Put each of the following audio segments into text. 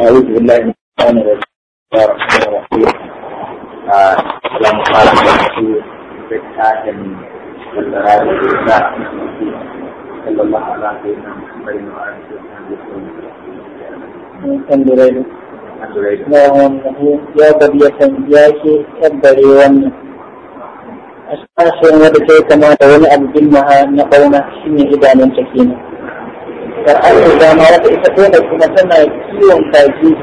أعوذ بالله من الشيطان الرجيم بسم الله الرحمن الرحيم السلام عليكم صلى الله على سيدنا محمد وعلى آله وصحبه وسلم ya gabiyakan ya ke kaddare wannan a sashen wadda ta yi kama da wani abu bin na ƙauna shine idanun ta kenan فالأمر دام وتكون كما سنة كيون كاجي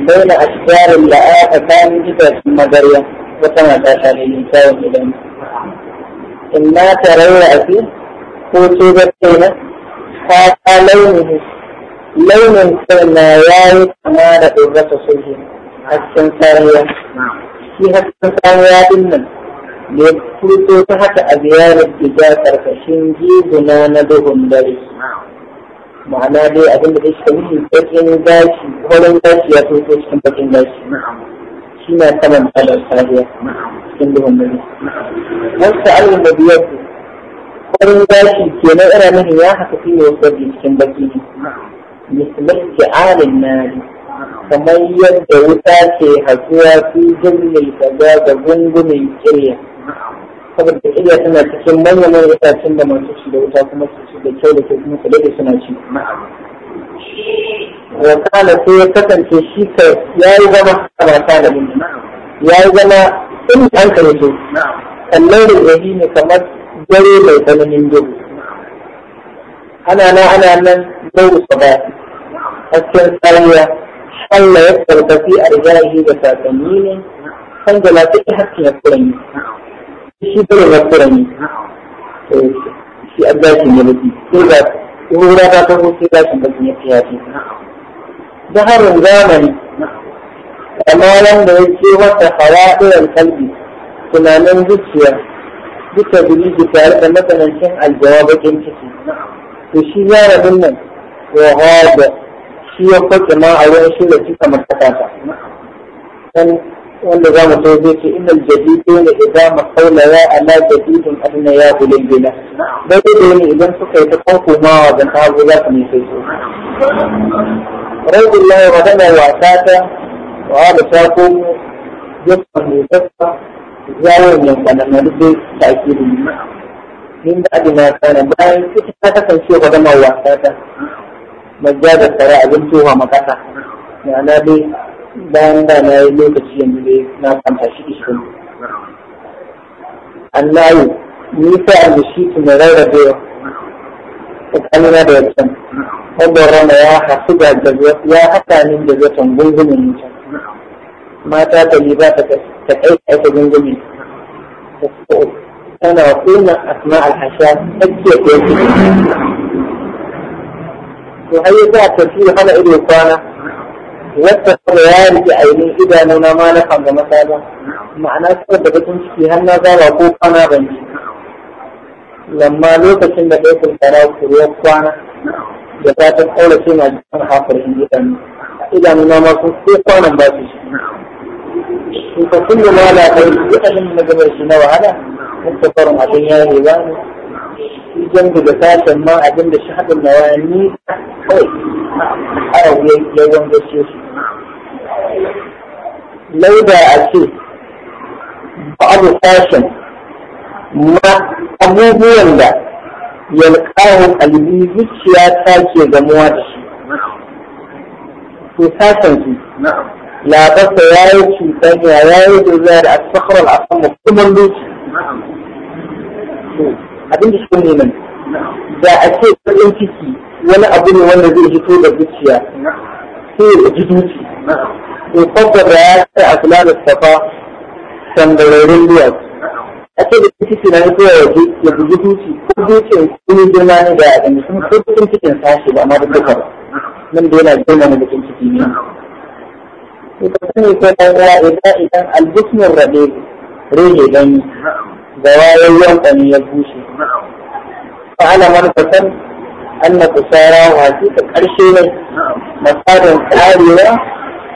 بين أشجار اللآ فكان جدا ثم دريا وكما تاشا للإنسان إليه إما ترون أكيد هو سورتين هذا لونه لون سنة ياري كما رأيبت سجن السنسانية في السنسانيات النمو da ya fito ta haka a ziyarar gida ma'ana dai abin da take nufi bakin gashi kwarin gashi ya fito cikin bakin gashi shi na saman kalar sariya cikin duhun dare wasu alwin da biyar su kwarin gashi kenan ina nufin ya haka fi ne wasu baki cikin baki ne misalin ke alin nari kamar yadda wuta ke hatsuwa fi jirgin kaza da gungumin kirya saboda iya suna cikin manyan itacen da masu ci da wuta kuma su ci da kyau da ke kuma kudai da suna ci wa kana sai ya kasance shi ka ya yi zama a mata da ya yi zama in an kare su kallon rigari ne kamar dare mai tsananin duhu ana nan ana nan duhu sabati hasken tsariya Allah ya tsarkafi a rigahi da sakanni ne kan da lafiya hasken ya kuranyi. shi fara zakara ne shi a gashin ya baki ko da ko wura ta ta hoce gashin baki ya fiya ce da harin zamani amma wanda ya ce wata hawa ɗayan kalbi tunanin zuciya duka biliji tare da matsanancin aljawa bakin ciki to shi yaran nan ya hawa shi ya kwace ma a wurin shirya cika makasata والنظام السوفيتي إن الجديدون إذا ما قولها ألا جديد أبنياه للبناء نعم. بدلين إذا سكيت قوك ماضا هؤلاء من فيسوس رجل الله غدنا وعساتا وهذا شاكم جسما يتسع زاور من كان نرد تأكيد من بعد ما كان باين كتابة تنشي غدنا وعساتا مجاد السراء بنتوها مكتا يعني bayan da na yi lokaci yanzu dai na kwanta shi ishirin annayi nisa da shi ki mai rarrabewa tsakanina da wancan wanda rana ya hasu da ya haka ni da zaton gungumin wancan mata ta yi ba ta kai aika gungumin tana kuna asma al-hasha tsakiya ta yi to har yi za ta fi hana ido kwana يتقل ذلك عيني إذا نونا ما نفهم مثلا معنى سبب بكم في هنا ذا وقوقنا بني لما لو تشن بيت القراء وقوقنا جفات الحولة سينا جفان حاصر إذا نونا ما كنت في قوانا باسش فكل ما لا قيل يحل من جبر الشنوى هذا مستقر مع دنيا الهيوان جنب جفات ما أجنب شحب النواني أو أو يوم بسيوش lauda a ce babu fashin na abubuwan da yalƙawo kalbi zuciya ta ke gamuwa da shi to sashen su labarsa ya yi cutanya ya yi doza da asfakarar asamma kuma lokaci abin da shi ne nan da a ce ɗan ciki wani abu ne wanda zai hito da zuciya sai ya ji duki يفضل رئاسة أفلام الصفا سندرين بيض أكيد تسينا يقول يجي يبدو توشي كل شيء يكون جمعنا بعد أن يعني يكون كل شيء تنساشي لأما بالذكر من دون الجمعنا لكم تسيني يتصني كلا إذا إذا الجسم الرقيق رجي بني زوايا يوم أن يبوشي فعلى مرة أن قصارى وهاتيك الأرشي مسار الحالي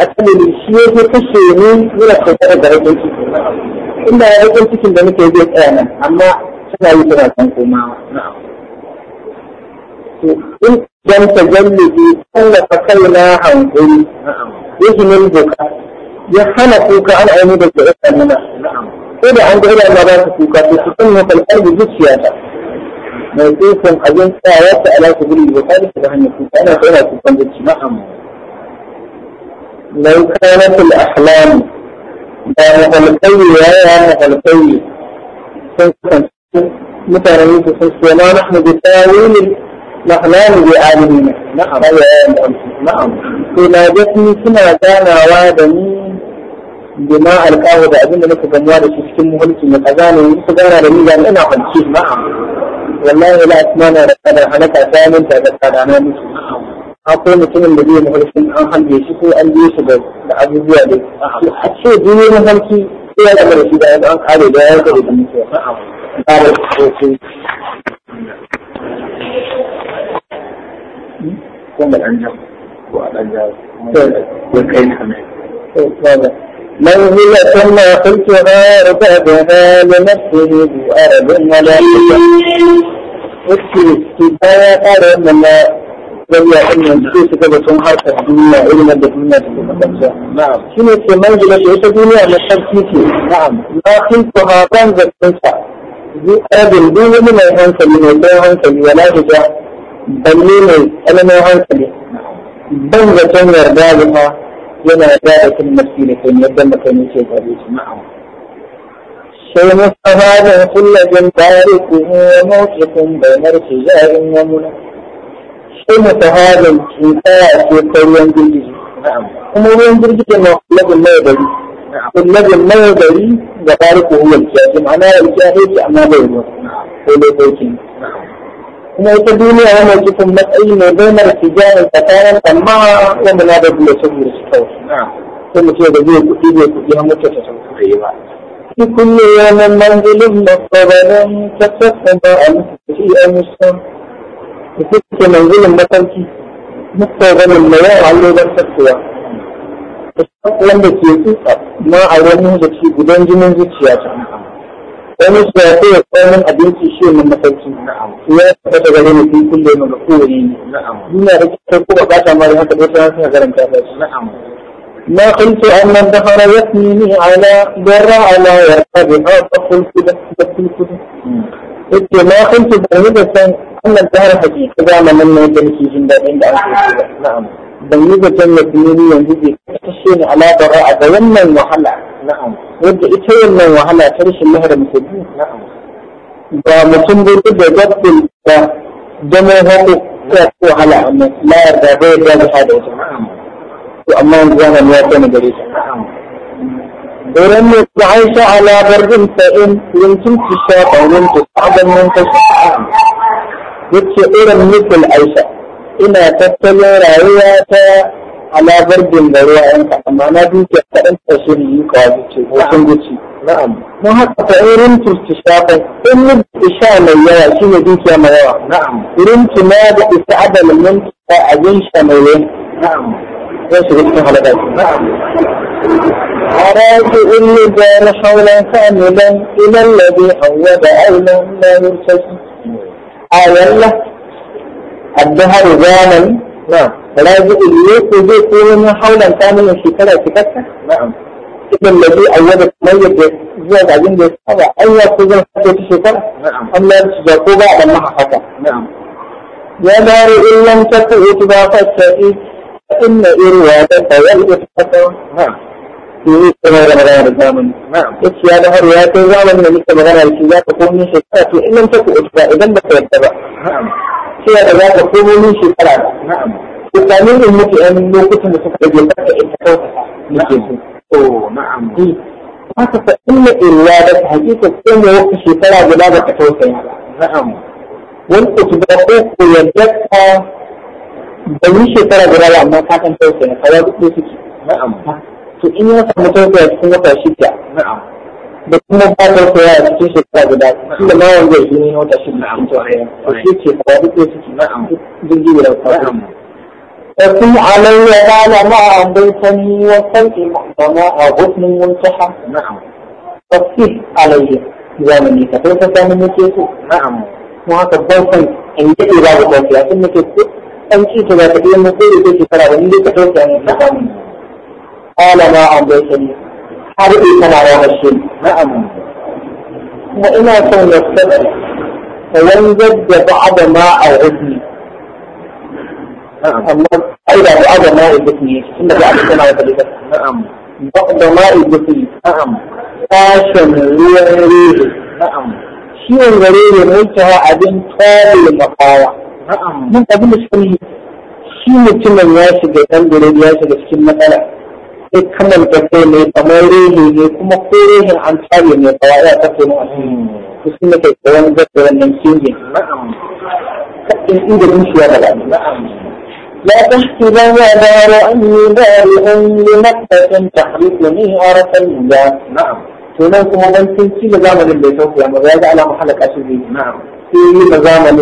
a tsanani shi ya fi kashe ni yana kautar da rikin ciki inda ya rikin cikin da nake zai tsaya nan amma suna yi suna san komawa to in dan ta jallabe tallafa kaina hankali izinin doka ya hana kuka an aini da ke rika nuna ko da an ga ina ba su kuka to su kan nufin kalbi zuciya ta mai tsofin abin tsawa ta alaƙa guri da kwalita da hanyar kuka ana tsaye kukan zuciya لو كانت الأحلام يا مغلقية يا مغلقية مثلا يوسف وما نحن بتاويل الأحلام بعالمين نعم نعم تناجتني أيوة، نعم. نعم. كما كان وادني بما ألقاه بعدين لك جموال الشيشكين مهلسي من أزاني يوسف أنا لمي لأن أنا شيء نعم والله لا أتمنى لك أنا أنا كأسامي تأتكاد أنا نعم akwai mutumin da zai mafarkin an halbe shi ko an biye shi da abubuwa da a ce duniya mafarki ko ya zama da shi da an kare da ya zama da mutuwa kuma an jam ko a ɗan jam ko kai na mai من هي ثم قلتها ربابها لنفسه بأرض ولا تكن اكتب استباء رملا ولا علم النفوس كذا تنهار الدنيا علم الدنيا نعم شنو منزلة في الدنيا نشر فيكي نعم لا خلقها كنزة تنسى دي أبن دي من هنسلي من هنسلي ولا هجا بلي من أنا ما هنسلي بنزة تنهر بعدها ينا ذلك النفسي لكن يدن كان يشيك أبيش نعم شيء مستفاد كل جنباركم وموتكم بين ارتجال وملك قيمة هذا الانتاج في الطيران بالجيش نعم وموضوع بالجيش انه لازم ما يدري والذي نعم. ما يدري وتاركه هو الجاهل معناه الجاهل أما بينه ولبيتين kuma ita duniya yana cikin matsayi mai bainar tijanin tsakanin amma wanda na da bula sabu da su kawai sai mu ce da zai kuɗi zai kuɗi har mutu ta san kuɗi ba في كل يوم منزل مقربا تتسمع في أمسا da suke manzilin mafarki dukkan ganin da yawa allodar tattuwa wanda ke tsutsa na a wani zuci gudan jinin zuciya ta wani su ya ce ya tsanin abinci shi ne mafarki ya taɓa da gare ne fi kulle ne da kowane ne duniya da kyau ko ba ta mara haka da ta haka garanta ba shi ما قلت أن الدهر يثنيني على در على يرتبها فقلت لك فقلت لك ما قلت بأنه wannan tsara hakika zamanin nan da nake jin daɗin da ake yi na'am ban yi zaton ya tunani yanzu bai kashe ni alaƙar a ga wannan wahala na'am wadda ita wannan wahala ta rashin maharam ta biyu na'am ba mutum bai ta da gabbin da zama hako ta wahala amma la yarda bai yarda da hada wata to amma yanzu zamanin ya tana gare ta ورمت عائشة على برد فإن يمكن تشاء أو يمكن تعبا من تشاء yace irin nufin aisha ina tattalin rayuwa ta alabar dingaro a yanka amma na duke kaɗan ta shi yi kawai ce ko sun guci na'am mun haka ta irin turci shafin in yi isha mai yawa shi ne dukiya mai yawa na'am irin tuna da isa adalin mun ta abin sha mai yawa na'am zai shiga cikin halaka na'am أراد إني دار حولا كاملا إلى الذي عود أولا لا يرتجي أولا الدهر زامن نعم فلازم اليوم زي كل حول أن تعمل شكلها شكلها نعم إذا الذي أول ميت زاد عجين بيسحبها أي كوزن حتى شكلها نعم أم لا تجاكوبة لما حقا نعم يا دار إن لم تكن إتباقك فإن إروادك والإتباقك نعم su kuma da magana da zamani gaskiya da har ya kai zamani da muke magana da shi za ka komo min shekara to in nan ta ku usta idan ba ka yarda ba cewa da za ka komo min shekara ba ku sami in muke yan lokutan da suka rage ba ka in ta kautata muke su to na'am haka fa inna illa da hakika sai mu wata shekara guda ba ka tausaya ba na'am wani ku ba ko ku yarda ka ban yi shekara guda ba amma ka kan tausaya kawai duk suke na'am to in ya samu tausaya cikin wata shida da kuma ba tausaya a cikin shekara guda shi da ma wanda ya ne wata shida a mutuwar to shi ce ba duk da suke na'am jirgi da na'am وكن علي قال ما أمضيتني وصلت معظما غصن منتحى نعم فاكتب علي زمني كيف كان نكيته نعم وهذا الضوء إن جئت إلى بطوكي أكن نكيته أنت إذا تبين نقول إذا ترى إن جئت نعم قال ما أرضيتني حرئي كما رمشين ما نعم. أمني وإنا كن يستبعي وينجد بعد ما أعدني الله أيضا بعض نعم. ما أعدني إن بعد كما يتلقى بعد ما أعدني نعم, نعم. فاشن ليريه نعم شيء غريب ليسها أبن طال المقاوة نعم من أبن السنين شيء مثل الناس يتنجل الناس يتنجل يتحمل ne kamar rehe ne kuma ko rehin an tsare ne ba ya tafi mu to sun ne kai wani gaske wannan kinjin in inda mun shi ya دار أني بارئ لمكة تحرقني عرف الله نعم هناكم من تنسي لزامن اللي توفي أما زاد على محل أشبه نعم في لزامن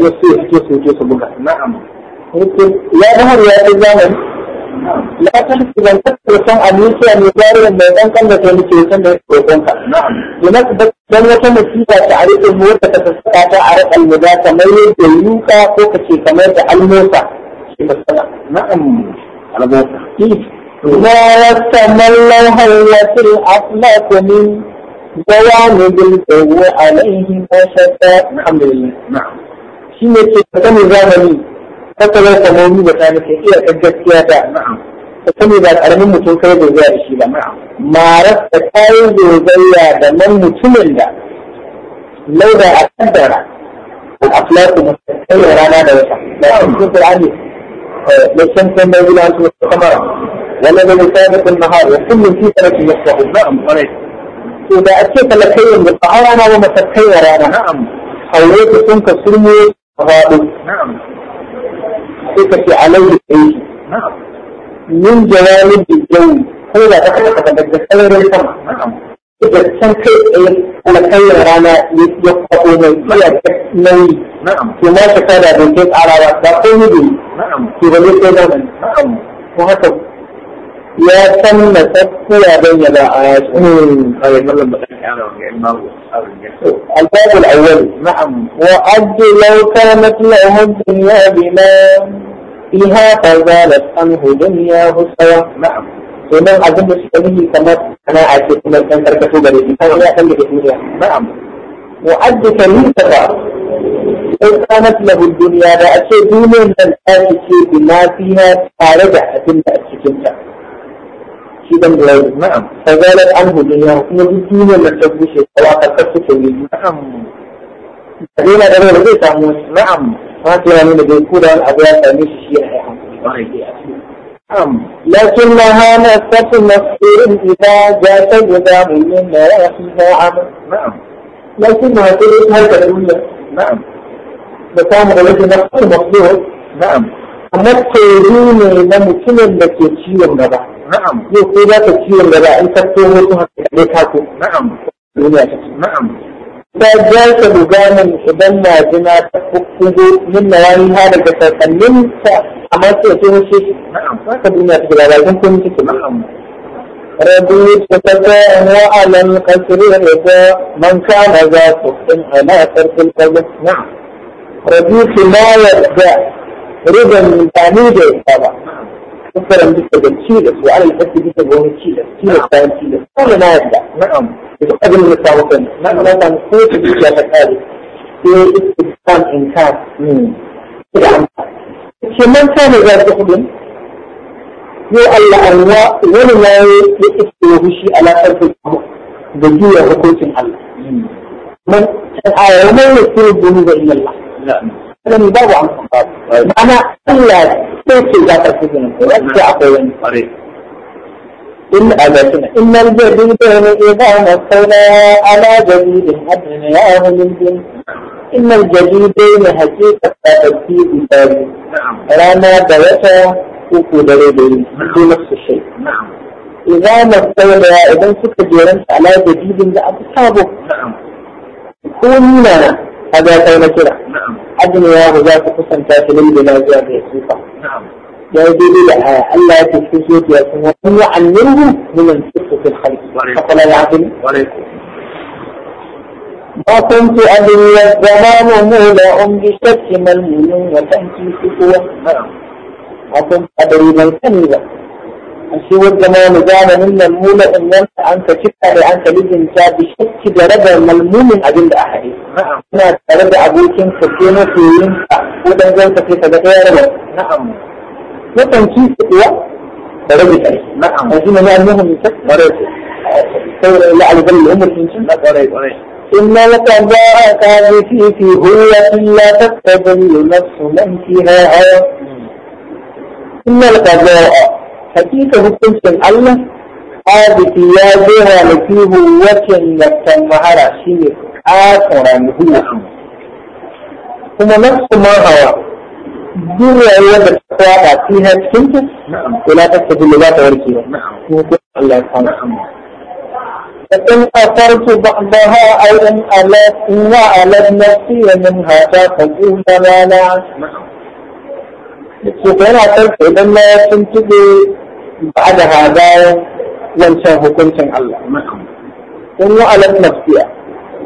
يصيح جسو جسو بقى نعم يا بحر يا زامن لكن إذا كنت تكون أميسي أميزاري الميدان كان لكي تكون تكون هناك بس وكان نتيجة تعريف الموتى تتسقى تعرف المدى كميل جيوكا فوق شيء كميل الموتى نعم على ذلك إيه. ما يتملوا هيئة الأخلاق من جوانب الجو عليهم نعم. وشتاء الحمد لله نعم شيء نتيجة زمني kasa bai samomi da ta nufi iya ta gaskiya da ta sani ba karamin mutum kai da zai shi ba marar da kayan zozayya da nan mutumin da lauda a kaddara al'aflaku mutum rana da wata da cikin qur'ani da san san da zuwa su kamar wala da musabiq an-nahar wa kullun fi sanatin yasbahu na'am qarai to da ake talakayin da tsara na wa matakai rana na'am aure sun ka surmo a faɗo na'am الثقة عليه العيش نعم من جوانب الجو هو لا تخلق فتتذكر الفم نعم إذا كان شيء أنا كير أنا يقطعون فلا تكنوي نعم وما تكاد بنتك على وقت نعم في نعم. ذلك نعم. نعم وهكذا يا ثم تبكي بين العاشقين الباب الأول نعم وعد لو كانت له الدنيا بما فيها فزالت عنه دنياه سوا نعم ومن أظن سبيله كما أنا عاشق نعم. من كان تركته بريد فهو يأتي الدنيا نعم وعد كريم تبارك in kanat lahu duniya da a ce duniyar nan ta fice bima fiha tare كده قريب نعم فقالت عنه دنياه نبتين ولا تبوشي وعقدت تسوي نعم بعدين قالوا له بيت عموس نعم ما كان من بيكون الأبيات مش شيء نعم لكنها نفس نفسين إذا جاءت إذا من لا يخفى عمل نعم لكنها تلك هذا الدنيا نعم بسام غلط نفسه مخلوق نعم amma tsoro ne na mutumin da ke ciwon gaba نعم نعم نعم نعم نعم نعم تقوم بها ليك هاتو نعم نعم فجاءت بجانا حبنا جنا تفقه من نواني هذا الجسد من فأمرت يتوه شيء نعم فأخذ بنا في جلالة جنكم نعم رضيت فتاة وعلم قسرها إذا من كان ذاته إن أنا ترك القلب نعم رضيت ما يبدأ رضا من تعميده نعم مثلا جدا كيلس وانا بحب جدا وهو كيلس كيلس كان كيلس كل ما يبدا نعم بتقدم من التعاطين نعم مثلا كيف الكتابة هذه في استخدام انكاس من كمان كان ذلك يخدم يو الله الله ولا يكتبه شيء على قلب الأمر بجوية حكومة الله من آية ومن يكتب الذنوب إلا الله لا هذا من باب عن الخطاب معنى الله تنسي ذات السجن وسع قوين إن أبتنا إن الجديدين إذا نصينا على جديد أبنياه من جنس إن الجديدين حقيقة تأتي بتالي نعم رانا دوتا وكو دريدين هو نفس الشيء نعم إذا نصينا إذا كنت جيران على جديد لأبصابه نعم كوننا هذا كان كده نعم أبنياه ذات كسن تاتي للبناء ذات يسوع يزيد لها ألا تفسد يكون وأن يعلمه من الفسق في الخلق أفلا يعقل ما كنت أدري الزمان مولى أم بشك ملمول وتأتي سكوة ما كنت أدري ما الكذبة أشيو الزمان زان من المولى إن لم أنت شفت لأنت لازم بشك درجة ملمول أدل أحد نعم أنا درجة أبوك سكينة في ينفع وده زي تكلفة نعم نقوم في فتوى درجة ألف عايزين نعمل لهم مثال مراتب الثورة اللي على بال العمر من إن تبارك في في هو إلا تتبل نفس من فيها هوى إن تبارك حقيقة hukuncin Allah adiki ya zo halaki huwacin da kan mahara shi ne ƙaƙura ne huwa kuma دي الروايات اللي فيها تنتج ولا تكتب اللي لا تورثيها الله سبحانه فإن أثرت بعضها أيضا ألت وألت نفسي منها فقد ضلالا فإن أثرت إذا لا تنتج بعد هذا وانسى حكمة الله إن وألت نفسي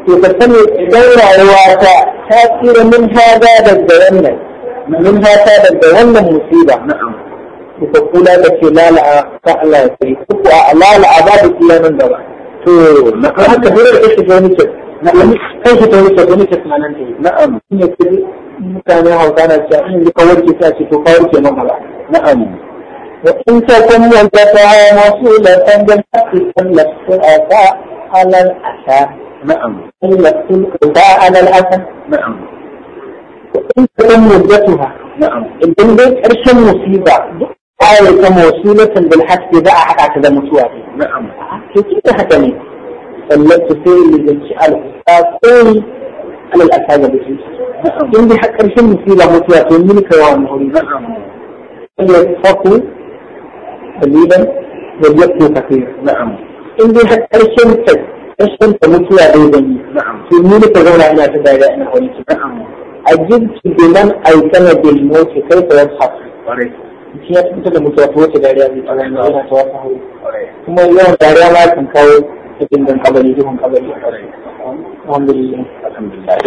to ka sani idan rayuwa ta ta tsira min منها تابع دولة مصيبة نعم وقولا لك لا لا فعلا سيكفع لا لا عذاب إلا من دواء نعم حتى هنا الحيش الجونيسة نعم حيش الجونيسة جونيسة ما ننتهي نعم إن يكتب مكانها وكان الجائعين لقوارك ساسي تقوارك ممرا نعم وإن تكون الجفاء موصولة عندما تكون لك سؤال على الأسى نعم إلا تكون على الأسى نعم وإن تم مدتها نعم إن بيت أرسل مصيبة أو كم وسيلة بالحسب بقى حتى كده متوافي نعم كده هتمي فلت في الشعال فاقول على الأسعاد بسيط نعم حق أرسل مصيبة متوافي من كوان هوري نعم فقل تقريبا واليكتو كثير نعم عندي أرسل مصيبة أرسل نعم في مين تزول على تدايا أنا نعم أجبت بمن أيتم بالموت كيف يضحك؟ هي كنت المتوفى تداري أنا متوفى ثم اليوم داري ما كان كاو تكين من قبلي جم قبلي الحمد لله الحمد لله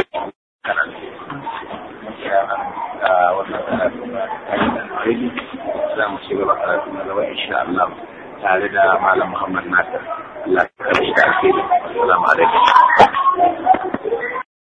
السلام عليكم ورحمة الله وبركاته.